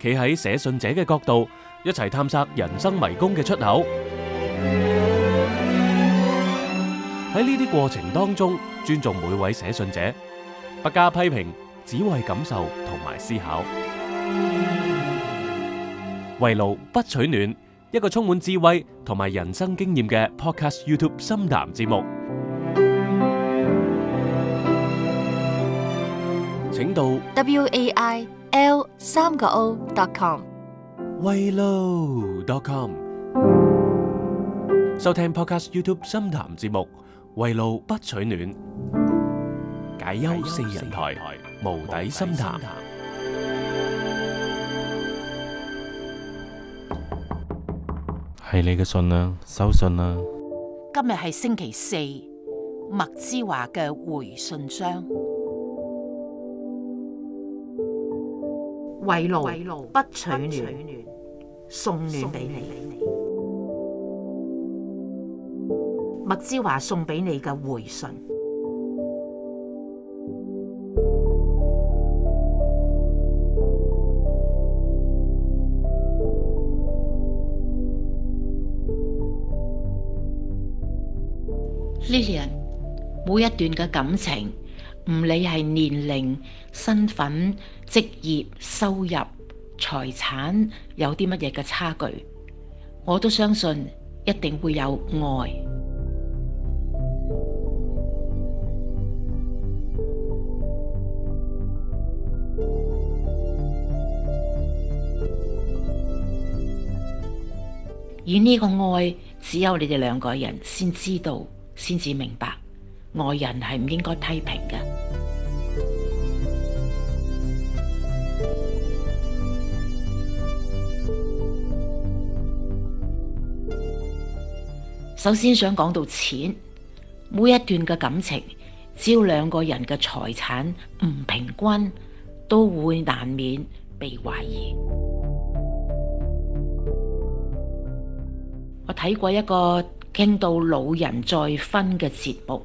企喺寫信者嘅角度，一齊探索人生迷宮嘅出口。喺呢啲過程當中，尊重每位寫信者，不加批評，只為感受同埋思考。圍爐不取暖，一個充滿智慧同埋人生經驗嘅 Podcast YouTube 深談節目，請到 WAI。l 三個 o dot com，維路 dot com，收聽 Podcast YouTube 深談節目，圍爐不取暖，解憂四人台，無底深談，係你嘅信啦，收信啦。今日係星期四，麥之華嘅回信章。圍爐不取暖，送暖俾你。麥之華送俾你嘅回信。Lilian，每一段嘅感情，唔理係年齡、身份、職業、收入、財產，有啲乜嘢嘅差距，我都相信一定會有愛。而呢個愛，只有你哋兩個人先知道，先至明白。外人係唔應該批評嘅。首先想講到錢，每一段嘅感情，只要兩個人嘅財產唔平均，都會難免被懷疑。我睇過一個傾到老人再婚嘅節目，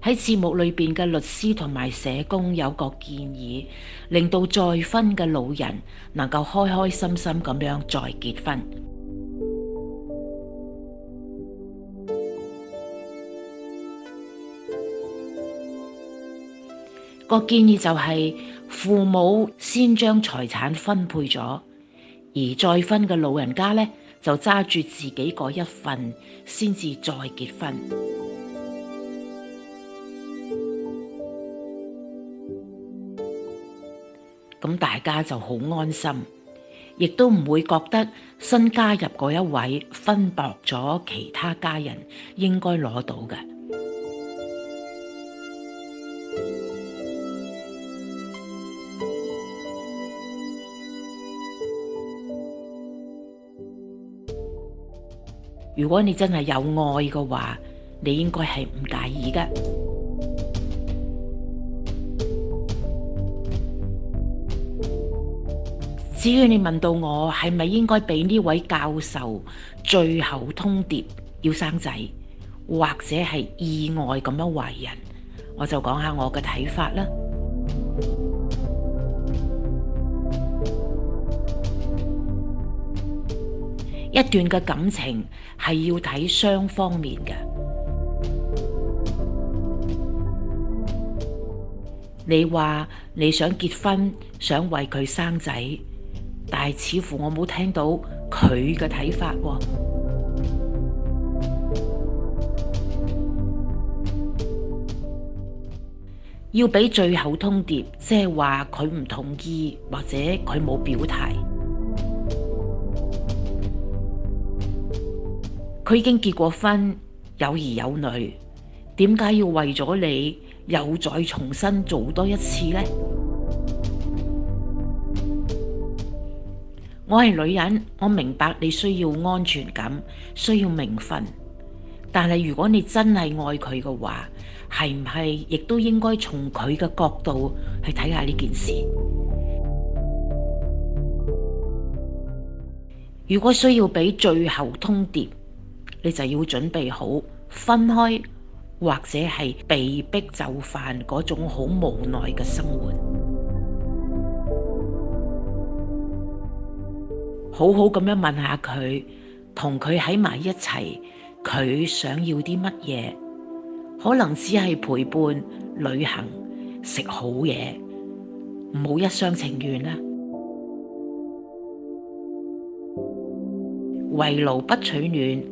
喺節目裏面嘅律師同埋社工有個建議，令到再婚嘅老人能夠開開心心咁樣再結婚。個建議就係父母先將財產分配咗，而再婚嘅老人家呢，就揸住自己嗰一份，先至再結婚。咁 大家就好安心，亦都唔會覺得新加入嗰一位分薄咗其他家人應該攞到嘅。如果你真係有愛嘅話，你應該係唔介意㗎。至於你問到我係咪應該俾呢位教授最後通牒要生仔，或者係意外咁樣懷孕，我就講下我嘅睇法啦。一段嘅感情係要睇雙方面嘅。你話你想結婚，想為佢生仔，但係似乎我冇聽到佢嘅睇法喎、哦。要俾最後通牒，即係話佢唔同意，或者佢冇表態。佢已經結過婚，有兒有女，點解要為咗你又再重新做多一次呢？我係女人，我明白你需要安全感，需要名分，但係如果你真係愛佢嘅話，係唔係亦都應該從佢嘅角度去睇下呢件事？如果需要俾最後通牒。你就要準備好分開，或者係被逼就範嗰種好無奈嘅生活。好好咁樣問下佢，同佢喺埋一齊，佢想要啲乜嘢？可能只係陪伴、旅行、食好嘢，唔好一廂情願啦。圍爐不取暖。